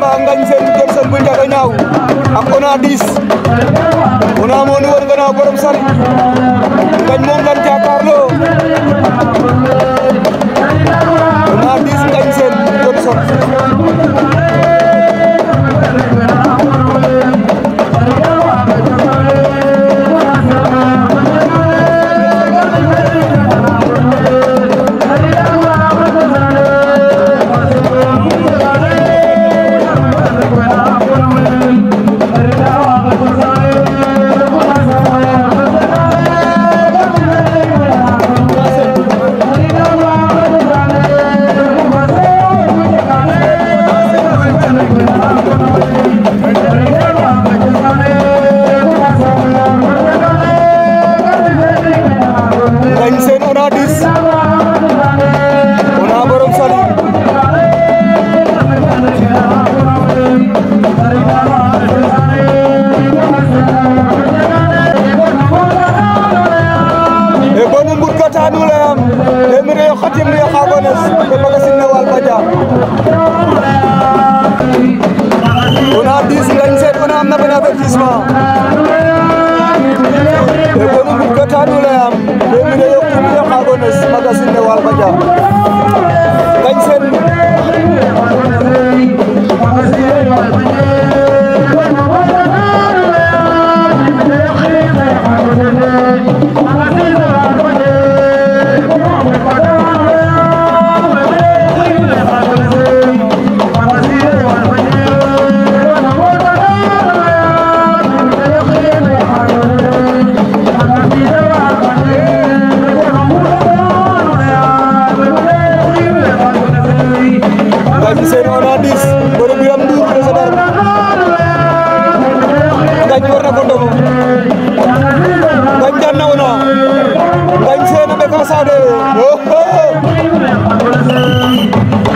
combat Ngagne Sene Jackson bu Ndiaga Niaw ak Ona 10 Ona moo ñu woon gannaaw borom sari Ngagne moom lan Timbe Jagones de Magazine Wal Badia on a 10 lañ seet on am na benn avertissement te bonu bu ko taanu lay am deux minutes Timbe Jagones Magazine Wal Badia lañ seet Thank you. Baye Sène on a 10 borom Biram Ndour président Ngagne war na ko ndogu Ngagne daan na woon naa Ngagne Sène a Bécaye